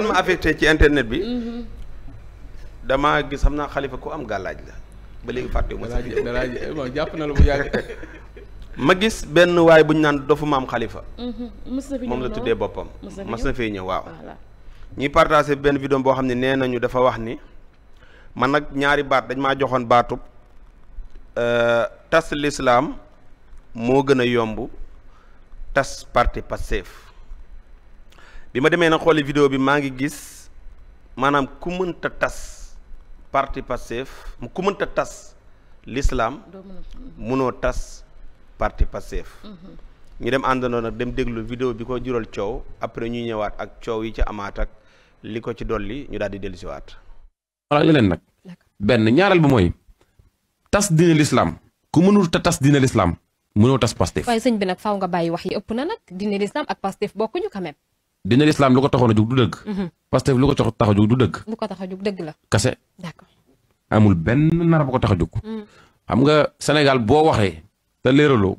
ngeen ma ci internet bi. damaa gis xam naa xalifa ku am gàllaaj la ba léegi fàtte wu ma si. Eh, jàpp na la bu yàgg. gis benn waay bu ñu naan dofu maam xalifa. Mhm. moom la tuddee boppam. mas na ñëw waaw. ñuy partagé benn vidéo boo xam ne nee nañu dafa wax ni man nag ñaari baat dañ maa joxoon baatub euh, tas lislaam moo gën a yomb tas parti Pastef bi ma demee na xooli vidéo bi maa ngi gis maanaam ku mënta tas parti Pastef ku mënta tas l'islam mënoo tas parti Pastef mm-hmm. ñu dem àndandoo nag dem déglu vidéo bi ko jural coow après ñu ñëwaat ak coow yi ci amaat ak li ko ci dolli ñu daal di dellusiwaat. wala leneen nag benn ñaareel bi mooy tas diine l'islam ku mënul ta tas diine l'islam mënoo tas Pastef. waaye sëñ bi nag faaw nga bàyyi wax yi ëpp na nag diine l'islam ak Pastef bokkuñu quand dina lislaam lu ko taxoon a jug du dëgg. Mhm. Pastef lu ko tax a jug du dëgg. ko tax a jug kase. amul benn nar bu ko tax a jug. Mhm. xam nga Sénégal boo waxee te leeraloo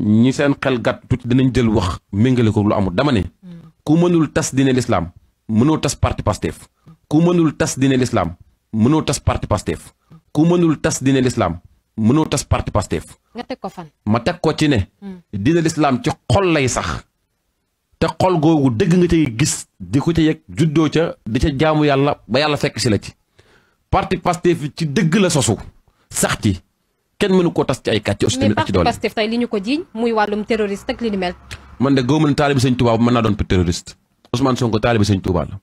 ñi seen xel gàtt tuuti danañ jël wax méngale ko lu amul dama ne. Mhm. ku mënul tas diine lislaam mënoo tas parti Pastef. ku mënul tas dina lislaam mënoo tas parti Pastef. ku mënul tas diine lislaam mënoo tas parti Pastef. nga teg ko fan. ma teg ko ci ne. dina lislaam ci xol lay sax. te xol googu dëgg nga cay gis di ko ca yëg juddoo ca di ca jaamu yàlla ba yàlla fekk si la ci parti Pastef ci dëgg la sosu sax ci kenn mënu koo tas ci ay kàcc aussi tamit ak ci doole mais parti Pastef tey li ñu ko jiiñ muy wàllum terroriste ak li man de góobu taalibi sëñ Touba mën naa doon terroriste Ousmane Sonko taalibi sëñ Touba la.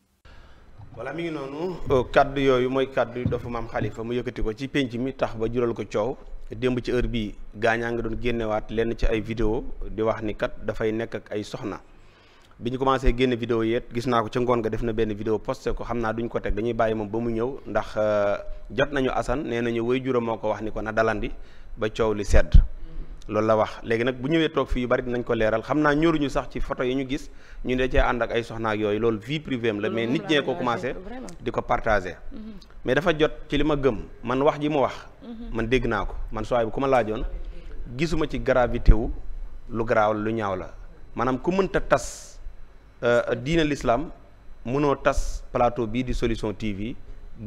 voilà mi ngi noonu euh, kaddu yooyu mooy kaddu dafa maam xalifa mu yëkkati ko ci penc mi tax ba jural ko coow démb ci heure bii gaañaa nga doon génnewaat lenn ci ay vidéo di wax ni kat dafay nekk ak ay soxna. bi ñu commencé génne vidéo yéet gis naa ko ca ngoon nga def na benn vidéo posté ko xam naa duñ ko teg dañuy bàyyi moom ba mu ñëw ndax euh, jot nañu Assane nee nañu way juróom moo ko wax ni ko na dalandi ba coow li sedd loolu la wax léegi nag bu ñëwee toog fii yu bari dinañ ko leeral xam naa ñoruñu sax ci photo yi ñu gis ñu ne cee ànd ak ay soxna yooyu loolu vie privée am la mais nit ñee ko commencé di ko partagé mm-hmm. mais dafa jot ci li ma gëm man wax ji mu wax mm-hmm. man dégg naa ko man soo bu ma laajoon gisuma ci gravité wu lu garaaw lu ñaaw la Euh, diine l'islam mënoo tas palato bii di solution TV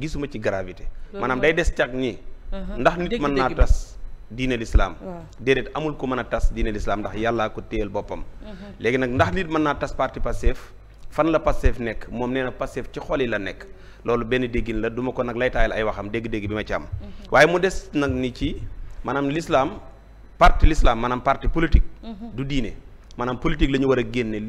gisuma ci gravité. maanaam day des càq ñii. Uh-huh. ndax nit mën naa tas diine lislaam déedéet amul ko mën a tas diine l'islam ndax yàllaa ko téyel boppam. Uh-huh. léegi nag ndax nit mën naa tas parti Pastef fan la Pastef nekk moom nee na Pastef ci xol yi la nekk loolu benn déggin la duma ko nag lay taayal ay waxam dégg-dégg bi ma ci am. Uh-huh. waaye mu des nag ni ci maanaam lislaam parti lislaam maanaam parti politique. du diine maanaam politique la ñu war a génne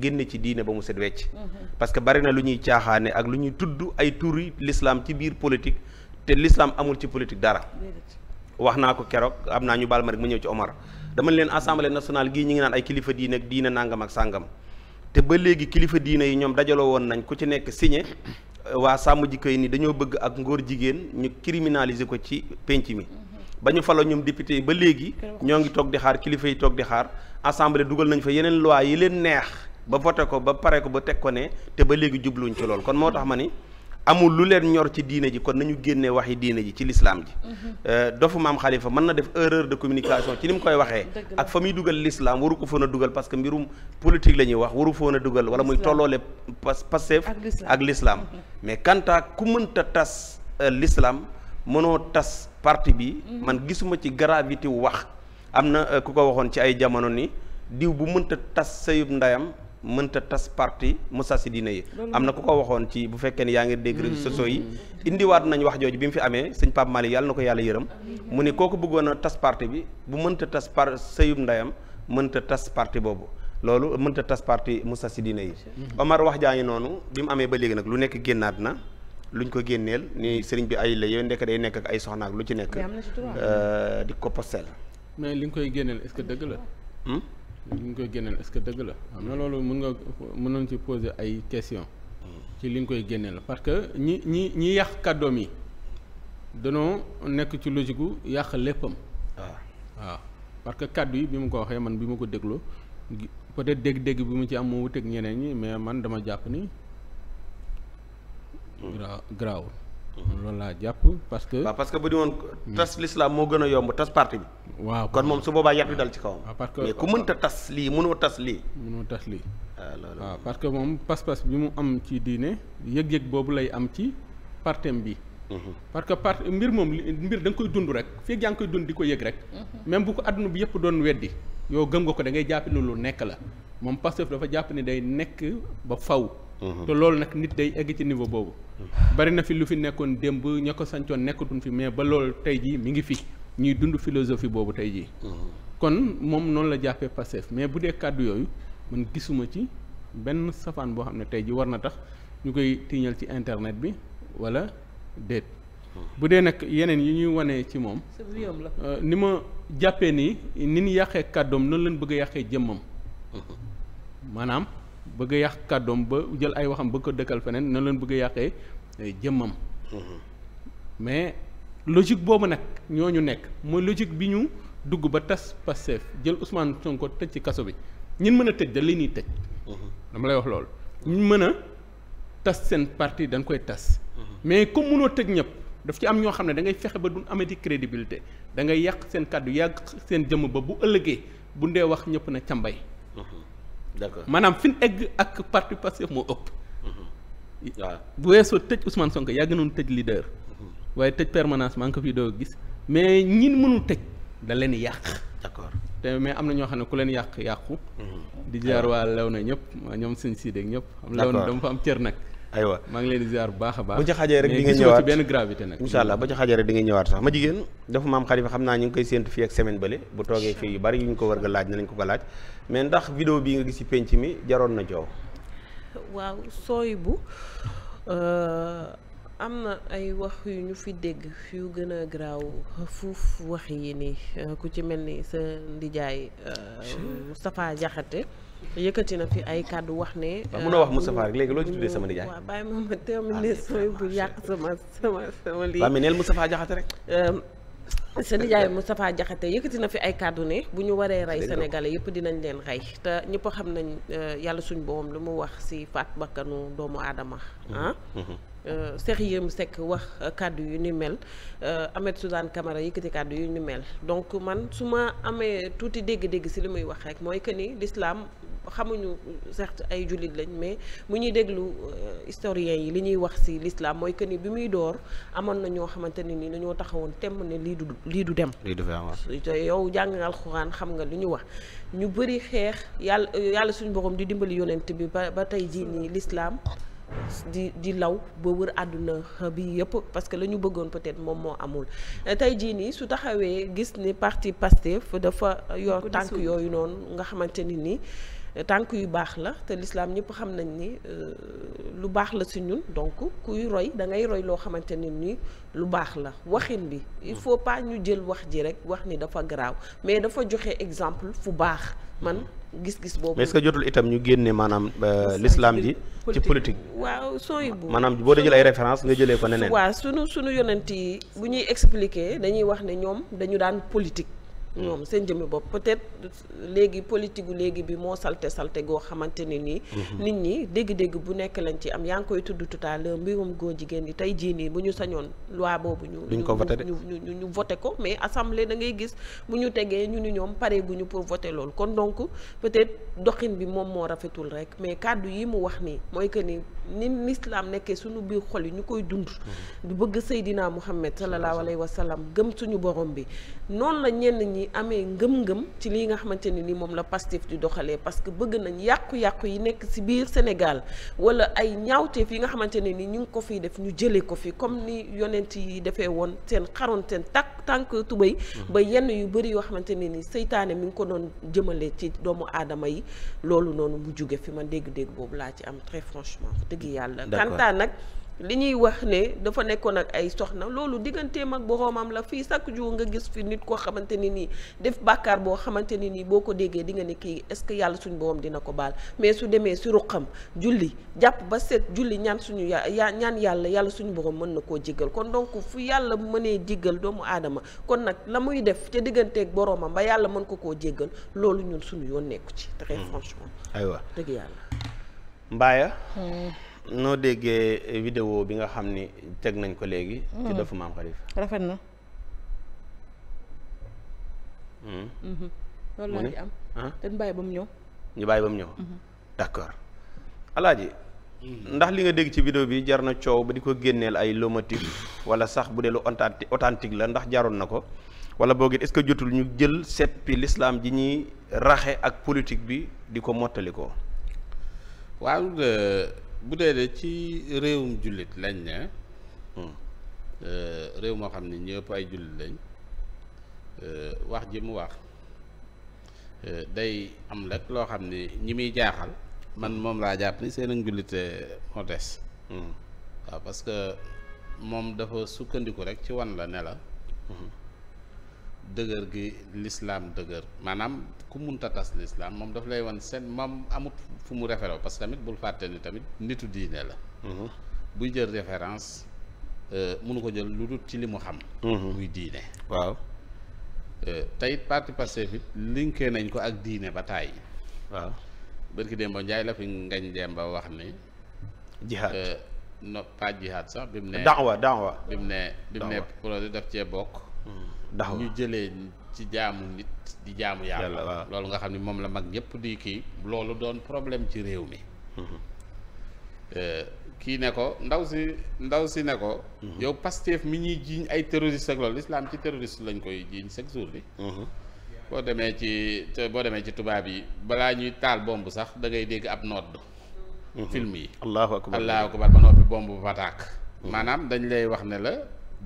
génn ci diine ba mu set wecc mhm. parce que bari na lu ñuy caaxaane ak lu ñuy tudd ay turi lislaam ci biir politique te l'islam amul ci politique dara wax naa ko keroog am naa ñu baal ma rek ñëw ci Omar dama leen assemblée nationale gii ñu ngi naan ay kilifa diine ak diine nangam ak sàngam te ba léegi kilifa diine yi ñoom dajaloo woon nañ ku ci nekk signé waa sàmm jikko yi ni dañoo bëgg ak ngóor jigéen ñu criminaliser ko ci penc mi mhm. ba ñu falo ñoom député ba léegi ñoo ngi toog di xaar kilifa yi toog di xaar assemblée dugal nañ fa yeneen loi yi leen neex ba voté ko ba pare ko ba teg ko ne te ba léegi jubluñ ci loolu kon moo tax ma ni amul lu leen ñor ci diine ji kon nañu génne yi diine ji ci lislaam ji euh, dofu maam xalifa mën na def erreur de communication ci li mu koy waxee ak fa muy dugal lislaam waru ko foon dugal parce que mbirum politique la ñuy wax waru foon a dugal wala muy tolloole pas Pastef ak lislaam mais kanta ku mënta tas euh, lislaam mënoo tas partie bi mhm. man gisuma ci gravité wu wax am na euh, ku ko waxoon ci ay jamono ni diw bu mënta tas sayub ndayam mënta tas parti musasi diine yi am na ku ko waxoon ci bu fekkee ni yaa ngi dégg réseaux sociaux yi mm-hmm. indiwaat nañu wax jooju bi mu fi amee sëñ Pape Malick yàlla na ko yàlla yërëm mu ni kooku bëggoon a tas parti bi bu mënta tas par sëyub ndeyam mënta tas parti boobu loolu mënta tas parti musasi diine yi mm-hmm. Omar wax jaa ngi noonu bi mu amee ba léegi nag lu nekk génnaat na luñ ko génneel ni sëriñ bi ay la yooyu ndekk day nekk ak ay soxnaak lu ci nekk euh, di ko postel mais li nga koy génneel est-ce que dëgg la hmm? li ñu koy génneel est que dëgg la am na loolu mën nga mënoon ci poser ay questions. Hmm. ci li ñu koy génneel parce que ñi ñi ñi yàq kàddoom yi danoo nekk ci logique gu yàq léppam. waaw ah. waaw parce que kàddu yi bi mu ko waxee man bi ma ko dégloo peut-être dégg-dégg bi mu ci am moo wuteeg ñeneen ñi mais man dama jàpp ni. Hmm. graaw graawul. Mm-hmm. loolu laa jàpp parce que. waaw parce que bu di woon tas l'islam moo gën a yomb tas parti bi. waaw kon moom su boobaa yàq bi dal ci kawam. Ah, parce que mais ku mënta tas lii mënoo tas lii. mënoo tas lii. waaw ah, ah, parce que moom pas-pas bi mu am ci diine yëg-yëg boobu lay am ci partem bi. Mm-hmm. parce que part mbir moom mbir da nga koy dund rek feeg yaa ngi koy dund di ko yëg rek. Mm-hmm. même bu ko adduna bi yëpp doon weddi yow gëm nga ko da ngay jàpp ne nekk la moom Pastef dafa jàpp ne day nekk ba faw. Mhm. te loolu nag nit day egg ci niveau boobu. Mhm. bari na fi lu fi nekkoon démb ña ko sancoon nekkatuñ fi mais ba lool tey jii mi ngi fi ñuy dund philosophie boobu tey jii. Mhm. kon moom noonu la jàppee Pastef mais bu dee kàddu yooyu mën gisuma ci benn safaan boo xam ne tey jii war na tax ñu koy tiiñal ci internet bi wala déet. bu dee nag yeneen yi ñuy wane ci moom. Euh, ni ma jàppee nii ni ñu yàqee kàddoom noonu lañ bëgg a yàqee jëmmam. maanaam. bëgg yàq kàddoom ba jël ay waxam bëgg ko dëkkal feneen na leen bëgg a yàqee eh, jëmmam. Mm-hmm. mais logique boobu nag ñoo ñu nekk mooy logique bi ñu dugg ba tas Pastef jël Ousmane Sonko tëj ci kaso bi ñun mën a tëj da li ñuy tëj. Mm-hmm. dama lay wax loolu. ñun mën a tas seen parti dañ koy tas. Mm-hmm. mais comme mënoo tëj ñëpp daf ci am ñoo xam ne da ngay fexe ba duñ amati crédibilité da ngay yàq seen kàddu yàq seen jëmm ba bu ëllëgee bu ndee wax ñëpp na cambay d'accord maanaam fi ñu egg ak parti Pastef moo ëpp. Mm-hmm. waaw bu weesoo tëj Ousmane Sonko yàgg nañu tëj leader. Mm-hmm. waaye tëj permanence maa ngi ko doo gis mais ñin mënul tëj da leen yàq. d'accord te mais am na ñoo xam ne ku leen yàq yàqu. Mm-hmm. di jaar waa lew na ñëpp ñoom suñ sii dégg ñëpp. lew na dama fa am cër nag. aywa maa ngi leen di ziar baax a baax bu ci xajee rek di nga ñëwaat ci benn gravité nag incha allah bu ci xajee rek di nga ñëwaat sax ma jigéen dafa maam xalifa xam naa ñu ngi koy séentu fii ak semaine bële bu toogee fii bari yu ñu ko war nga laaj nañ ko ko laaj mais ndax vidéo bii nga gis ci penc mi jaroon na coow waaw sooy bu euh, am na ay wax yu ñu fi dégg yu gën a garaaw fuuf wax yi nii euh, ku ci mel ni sa ndijaay euh, Moustapha Diakhaté yëkkati na fi ay kàddu wax ne. waaw munoo wax euh, mu rek léegi loo ci tuddee sama nijaay. waaw bàyyi ma ma terminer ah, sooy bu ah, yàq sama sama sama lii. waaw mais neel Moustapha Diakhaté rek. Euh, sa nijaay Moustapha na fi ay kàddu bu ñu waree rey Sénégalais yëpp dinañ leen rey te ñëpp xam nañ euh, yàlla suñu boobam lu mu wax si faat bakkanu doomu aadama ah. Cheikh Yérim Seck wax kàddu yu ni mel Ahmed Suzanne Camara yëkkati kàddu yu ni mel donc man su ma amee tuuti dégg-dégg si li muy wax rek mooy que ni lislaam xamuñu certes ay jullit lañ mais mu ñuy déglu euh, historiens yi li ñuy wax ci l'islam mooy que nii bi muy door amoon na ñoo xamante ne ni dañoo taxawoon temm ne lii du lii du dem. lii du yow jàng nga alxuraan xam nga lu ñu wax ñu bëri xeex yàlla yàlla suñu borom di dimbali yonent bi ba ba tey jii nii lislaam di di law ba wër àdduna bi yëpp parce que la ñu bëggoon peut-être moom moo amul euh, tey jii nii su taxawee gis ni parti Pastef dafa yor tànk yooyu noonu nga xamante ni nii tànk yu baax la te lislaam ñëpp xam nañ ni euh, lu baax la si ñun donc kuy roy da ngay roy loo xamante ne ni lu baax la waxin bi il faut pas ñu jël wax ji rek wax ni dafa garaaw mais dafa joxe exemple fu baax man gis-gis boobu. mais est jotul itam ñu génne maanaam euh, l'islam ji ci politique waaw sooy bu maanaam boo dee jël ay référence nga jëlee ko neneen waa sunu sunu yonent yi bu ñuy expliquer dañuy wax ne ñoom dañu daan politique ñoom seen jëmmi bopp peut-être léegi politique gu léegi bi moo salte salte goo xamante ne nii. Mhm. nit ñi dégg-dégg bu nekk lañ ci am yaa ngi koy tudd tout à mbirum góor jigéen ñi tey jii nii bu ñu sañoon loi boobu. ñu ñu ñu ñu voté ko mais assemblée da ngay gis bu ñu tegee ñu ni ñoom pare guñu pour voter loolu kon donc peut-être doxin bi moom moo rafetul rek mais kàddu yi mu wax nii mooy que ni ni l'islam nekkee suñu biir xol yi ñu koy dund. Mhm. du bëgg Seydina Muhammad sallallahu alayhi wa sallam gëm suñu borom bi noonu la ñenn ñi. yi amee ngëm-ngëm ci li nga xamante ne ni moom la Pastef di doxalee parce que bëgg nañu yàqu-yàqu yi nekk ci biir Sénégal wala ay ñaawteef yi nga xamante ne ni ñu ngi ko fi def ñu jëlee ko fi comme ni yonent yi defee woon seen xaroon seen takk tànk tubéy mm-hmm. ba yenn yu bëri yoo xamante ne ni seytaane mi ngi ko doon jëmale ci doomu aadama yi loolu noonu mu jóge fi ma dégg-dégg boobu laa ci am très franchement dëgg yàlla kantaa nag li ñuy wax ne dafa nekkoon ak ay soxna loolu digganteem ak boroomam la fii chaque jour nga gis fi nit koo xamante ne nii def bàkkaar boo xamante ne nii boo ko déggee di nga ne kii est-ce que yàlla suñu boroom dina ko baal mais su demee si ruqam julli jàpp ba set julli ñaan suñu ya ñaan yàlla yàlla suñu boroom mën na koo jéggal kon donc fu yàlla mënee jéggal doomu aadama kon nag la muy def ca digganteeg boroomam ba yàlla mën ko koo jéggal loolu ñun suñu yoon nekku ci. très hmm. franchement. aywa dëgg yàlla. noo déggee vidéo bi nga xam ni teg nañ ko léegi. ci mm. dofu maam Xalifa. rafet na. Mm. Mm-hmm. loolu laa ci am. Ah? dañ bàyyi ba mu ñëw. ñu bàyyi ba mu ñëw. Mm-hmm. d'accord alaaji mm. ndax li nga dégg ci video bi jar na coow ba di ko génneel ay lomotif wala sax bu dee lu authentique la ndax jaroon na ko wala boog it est-ce que jotul ñu jël seppi lislaam ji ñuy raxe ak politique bi di ko mottali ko waaw euh, bu dee de ci réewum jullit lañ ne hmm. euh, réew moo xam ne ñëpp ay jullit lañ euh, wax ji mu wax euh, day am rek loo xam ne ñi muy jaaxal man moom laa jàpp ni seen njullite moo des hmm. waaw parce que moom dafa sukkandiku rek ci wan la ne hmm. dëgër gi lislaam dëgër maanaam ku munta tas l'islam moom daf lay wan seet moom amut fu mu référé parce que tamit bul fàtte ni tamit nitu diine la mhm. buy jël référence euh, mënu ko jël lu dul ci li mu xam mhm. muy diine waaw euh, te it parti Pastef it nañ ko ak diine ba tàyyi waaw bërki Demba Njaay la fi ngañ Demba wax ni jihaad euh, no pas jihaad sax bi mu ne daawa daawa bi mu ne bi mu ne projet daf cee bokk mhm. ndax ñu jële ci jaamu nit di jaamu yàlla loolu nga xam ni moom la mag ñëpp di kii loolu doon problème ci réew mi mhm. euh, kii ne ko ndaw si ndaw si ne ko mhm. yow Pastef mi ñuy jiiñ ay terroriste ak loolu l'islam ci terroriste lañ koy jiiñ chaque jour bi mhm. boo demee ci boo demee ci tubaab yi balaa ñuy taal bomb sax da ngay dégg ab nodd film yi allahu akbar allahu akbar ba noppi bomb ba tàkk maanaam dañ lay wax ne la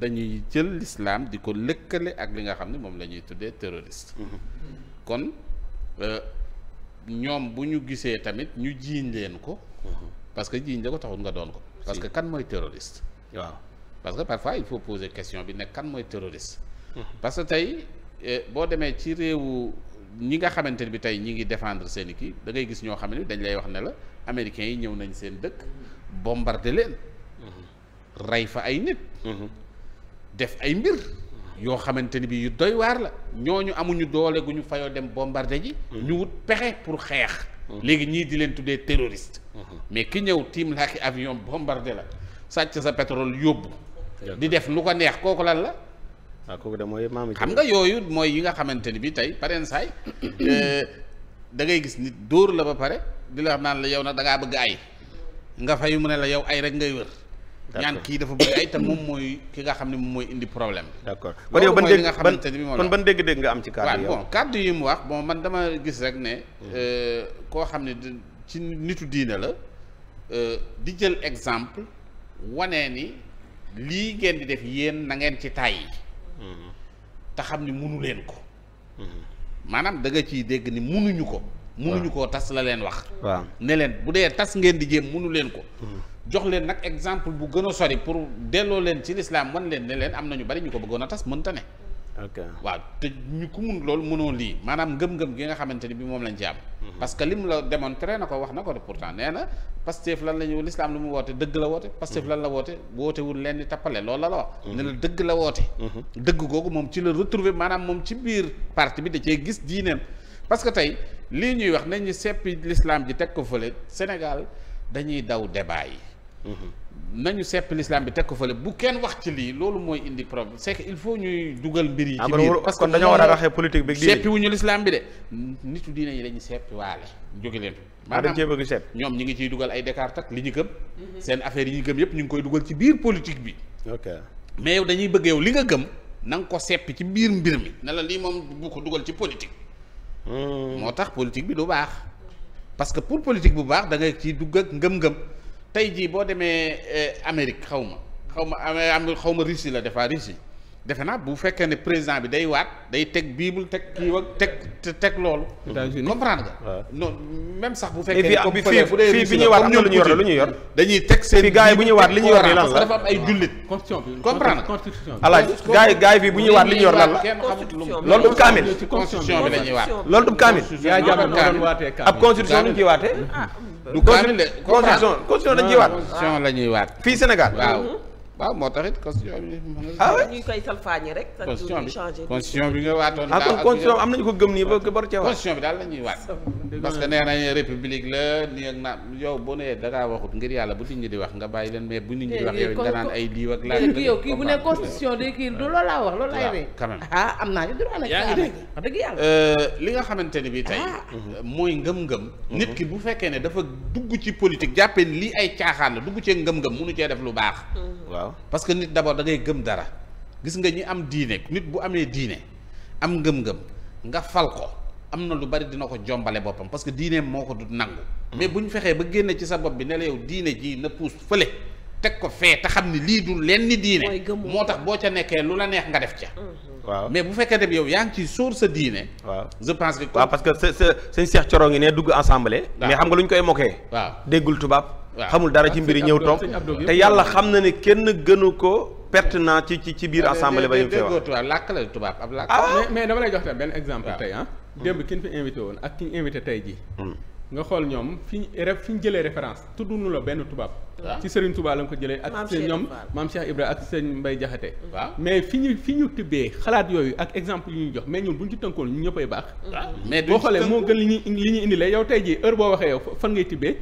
dañuy jël l'islam di ko lëkkale ak li nga xam ne moom la ñuy tuddee terroriste kon euh, ñoom bu ñu gisee tamit ñu jiiñ leen ko parce que jiiñ la ko taxul nga doon ko parce que kan mooy terroriste waaw parce que parfois il faut poser question bi nekk kan mooy terroriste parce que tey euh, boo demee ci réewu ñi nga xamante ne bi tey ñi ngi defendre seen i kii da ngay gis ñoo xam ne dañ lay wax ne la américains yi ñëw nañ seen dëkk bombarder leen rey fa ay nit def ay mbir yoo xamante ni bi yu doy waar la ñooñu amuñu doole gu ñu fayoo dem bombardé ji ñu wut pexe pour xeex léegi ñii di leen tuddee terroriste mais ki ñëw tiim ak avion bombardé la sàcc sa pétrole yóbbu di def lu ko neex kooku lan la ah, xam nga yooyu mooy yi nga xamante ni bi tey parensaay euh, da dangay gis nit dóor la ba pare di la xam naan la yow nag dangaa bëgg ay nga fayu mu ne la yow ay rek ngay wër ñaan kii dafa bëgg ay te moom mooy ki nga xam ne moom mooy indi problème bi. d'accord kon yow ban dégg nga xamante ni kon ban dégg-dégg nga am ci kàddu yi. waaw bon kàddu wax bon man dama gis rek ne. Hmm. Euh, koo xam ne ci nitu diine la euh, di jël exemple wane ni lii ngeen di def yéen na ngeen ci tàyyi. Hmm. te xam ni munu leen ko. Hmm. maanaam danga ciy dégg ni munuñu ko. munuñu koo tas la leen wax. waaw ne leen bu dee tas ngeen di jéem munu leen ko. jox leen nag exemple bu gën a sori pour delloo leen ci lislaam wan leen ne leen am na ñu bari ñu ko bëggoon a tas mënta ne. waaw te ñu ku mun loolu mënoo lii maanaam ngëm-ngëm gi nga xamante ni bi moom lañ ci am. Mhm. parce que mu la démontré na ko wax na ko pourtant nee na Pastef lan la ñu lislaam lu mu woote dëgg la woote. Pastef mhm. lan la woote wootewul leen di tappale loolu la la wax. Mhm. ne la dëgg la woote. dëgg googu moom ci la retrouver maanaam moom ci biir parti bi da cee gis diineem parce que tey lii ñuy wax nañ ñu lislaam ji teg ko fële Sénégal dañuy daw débat yi. nañu sepp l'islam bi teg ko fële bu kenn wax ci lii loolu mooy indi problème sekk il faut ñuy dugal mbir yi. ci ah, biir parce que kon dañoo war a raxee politique bi. seppi wuñu l'islam bi de nitu diine yi lañu seppi waale jóge leen. maanaam ah, dañ cee bëgg ñoom ñi ngi ciy dugal ay Descartes li ñu gëm. seen affaire yi ñu gëm yëpp ñu ngi koy dugal ci biir politique bi. ok mais yow dañuy bëgg yow li nga gëm na nga ko seppi ci biir mbir mi ne la lii moom bu ko dugal ci politique. Hmm. moo tax politique bi du baax parce que pour politique bu baax da ngay ciy dugg ak ngëm-ngëm tey jii boo demee eh, Amérique xaw ma xaw ma am xaw ma Russie la defaa Russie defe naa bu fekkee ne président bi day waat day teg bible teg kii wa teg teg loolu. comprendre nga. non sax bu fekkee. comme fii bi ñuy waat am lu ñu yor lu ñu yor. dañuy teg seen biir gars yi ñuy li ñu yor lan la dafa am ay jullit. constitution bi comprendre nga. alaaji gars yi gars yi fii waat li yor lan la. loolu du kaamil. constitution bi la ñuy waat loolu du kaamil. yaa jàpp noonu ab constitution lu la ñuy waat. fii Sénégal waaw. waaw ah, moo taxit constitution bi. ah oui ñu koy salfaañi rek. constitution bi constitution bi nga waatoon. ah kon constitution am nañu ko gëm nii ba ba war cee waat. constitution bi daal la waat. parce que nee nañu république la nii ak naam yow boo nee da ngaa waxut ngir yàlla bu nit ñi di wax nga bàyyi leen mais bu nit ñi di wax eh, eh, yow da naan ay lii ak laa. du loolu laa wax loolu lay ree. Ah, am naa ci droit ngi dégg euh, li nga xamante ni bi tey. Ah. mooy ngëm-ngëm. nit ki bu fekkee ne dafa dugg ci politique jàppee lii ay caaxaan la dugg ci ngëm-ngëm mënu cee def lu baax mm-hmm. waaw waaw parce que nit d'abord da ngay gëm dara gis nga ñi am diine nit bu amee diine am ngëm-ngëm nga fal ko am na lu bari dina ko jombale boppam parce que diine moo ko du nangu mais bu ñu fexee ba génne ci sa bopp bi ne la yow diine ji na puus fële teg ko fee te xam ni lii du lenn ni diine moo tax boo ca nekkee lu la neex nga def ca mhm. waaw mais bu fekkee dem yow yaa ngi ciy sóor sa diine waaw je pense que waaw parce que sa sa sëñ Cheikh Coro ngi ne dugg ensemble mais xam nga lu ñu koy xamul dara ci mbir yi ñëw toog te yàlla xam na ne kenn gënu ko pertinent ci ci ci biir ah, assemblée ba ñu fi wax tubaab làkk la tubaab ah. mais dama lay jox benn exemple tey ah hmm. démb ki fi invité woon ak ki ñu invité tey ji hmm. nga xool ñoom fi ñu ref fi ñu jëlee référence tudd nu la benn tubaab. ci Serigne Touba la ko jëlee. ak seen ñoom maam Cheikh Ibra ak seen Mbay Jaxate waaw mais fi ñu fi ñu tibbee xalaat yooyu ak exemple yu ñuy jox mais ñun bu ñu ci tënkoon ñu ñëppay baax. mais boo xoolee moo gën li ñuy li ñuy indilee yow tey jii heure boo waxee yow fan ngay tibbee.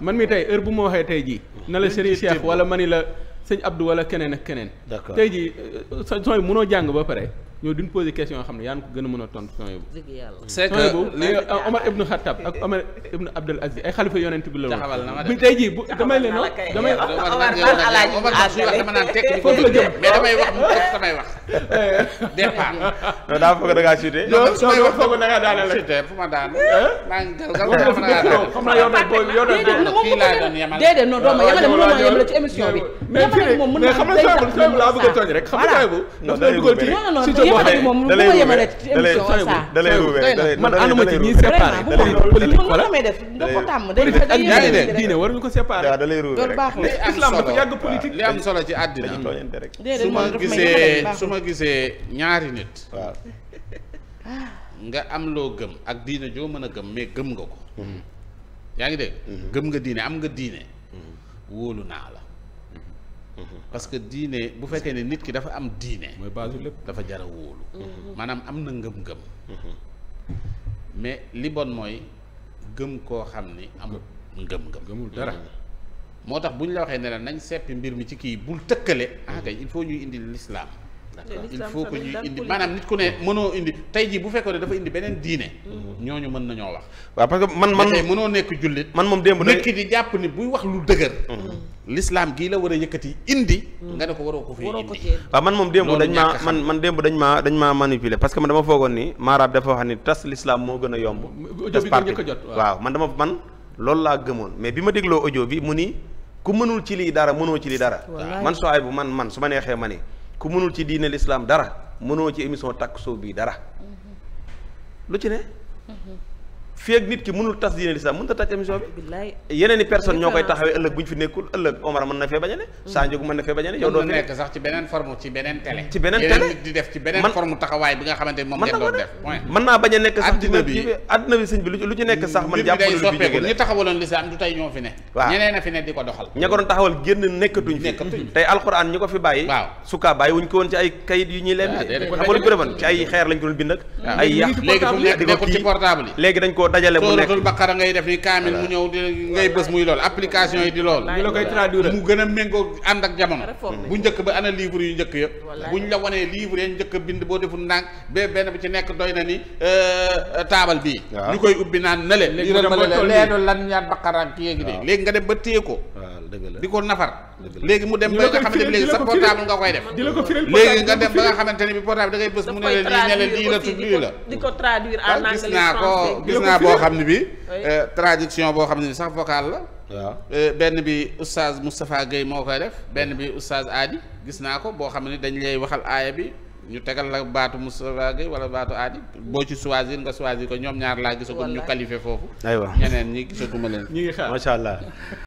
man mi tey heure bu ma waxee tey jii. na la Serigne Cheikh wala mani la sëñ Abdou wala keneen ak keneen. tey jii euh, euh, sooy mënoo jàng ba pare. ñoo duñ posé question yoo xam ne yaa ngi ko gën a mën a tontu son yoobu c'est que li Omar ibnu Khattab ak Omar ibnu Abdul Aziz ay xalifa yonent bi la woon bu tey jii bu damay leen damay foofu la jëm mais damay wax mu samay wax non daa foog da ngaa chuté. non soo ko foog da ngaa daaneel rek chuté fu ma daan. maa ngi gàll gàll gàll ma daan xam naa yow nag boo yow nag kii laa doon yemale. déedéet non doo ma yemale mënoo ma yemale ci émission bi. mais fii mais xam nga sooy bu sooy bu laa bëgg a tooñ rek. xam nga sooy bu. non da lay ruubee rek non non yemale bi moom bu ma yemale ci émission bi saa. da lay ruubee rek da lay ruubee man ànduma ci ñiy séparé. da lay ruubee politique wala politique ak diine diine war ñu ko séparé. da lay ruubee rek islam dafa yàgg politique. li am solo ci àddina su ma gisee su ma gisee ñaari nit waaw nga am loo gëm ak diine joo mën a gëm mais gëm nga ko mhm. yaa ngi de mhm. gëm nga diine am nga diine mhm. wóolu naa la parce que diine bu fekkee ne nit ki dafa am diine mooy base lépp dafa jara wóolu maanaam am na ngëm-ngëm mais li bon mooy gëm koo xam ni amul ngëm-ngëm gëmul dara moo tax bu ñu la waxee ne la nañ seppi mbir mi ci kii bul tëkkale ah kay il faut ñuy indi l'islam il faut que ñuy maanaam nit ku ne mënoo indi tey jii bu fekkoon ne dafa indi beneen diine. Mm-hmm. ñooñu mën nañoo wax. waaw parce que man man tey mënoo nekk jullit. man moom démb nag nekk di jàpp ni buy wax lu dëgër. Mm-hmm. l'islam gii la war a yëkkati indi. Mm-hmm. nga ne ko waroo ko man moom démb dañ maa man man démb dañ maa dañ maa manipuler parce que man dama foogoon ni maaraab dafa wax ni tas l'islam moo gën a yomb. tas parti waaw man dama man loolu laa gëmoon mais bi ma dégloo audio bi mu ni ku mënul ci lii dara mënoo ci lii dara. man soo ay bu man man su ma neexee ma ni ku mënul ci diine lislaam dara mënoo ci émission takk soo bii dara mm-hmm. lu ci ne mm-hmm. fii ak nit ki mënul tas diine lislaam mënut a taj émission bi yeneen i personne ñoo koy taxawee ëllëg bu ñu fi nekkul ëllëg Omar mën na fee bañ a ne mm. Sadio mën na fee bañ a yow doo fi nekk sax mën naa bañ lu ci nekk sax man jàpp lu du tey ñoo fi ne ñeneen a fi ne di ko doxal ña ko doon génn nekkatuñ fi tey alxuraan ñi ko fi bàyyi waaw sukaa bàyyi ko woon ci ay kayit yu ñuy leen xamalu ah, ci ay xeer lañ ko doon ah. ay yàq léegi dañ ko ko dajale. mu nekk baqara ngay def ni kaamil mu ñëw di ngay bës muy lool application yi di lool. ñu mu gën a méngoo ànd ak jamono. bu njëkk ba ana livre yu njëkk yëpp. buñ la wanee livre yi njëkk bind boo deful ndànk ba benn bi ci nekk doy na ni euh, taabal bii. ñu koy ubbi naan na le. léegi lan ñaar baqara ak kii léegi nga dem ba téye ko. di ko nafar léegi mu dem ba nga xamante bi léegi sa portable nga koy def léegi nga dem ba nga xamante ne bi portable da ngay bés mu ne la lii ne la lii la tudd lii la di ko traduire ah, gis naa ko gis naa boo xam ne bi euh, traduction boo xam ne bi sax vocal la waaw euh, benn bi oustaz Moustapha Guèye moo koy def benn bi oustaz Adi gis naa ko boo xam ne dañ lay waxal aaya bi ñu tegal la baatu Moustapha Guèye wala baatu Adi boo ci choisir nga choisir ko ñoom ñaar laa gisagum ñu qualifié foofu. aywa ñeneen leen. ñu macha allah.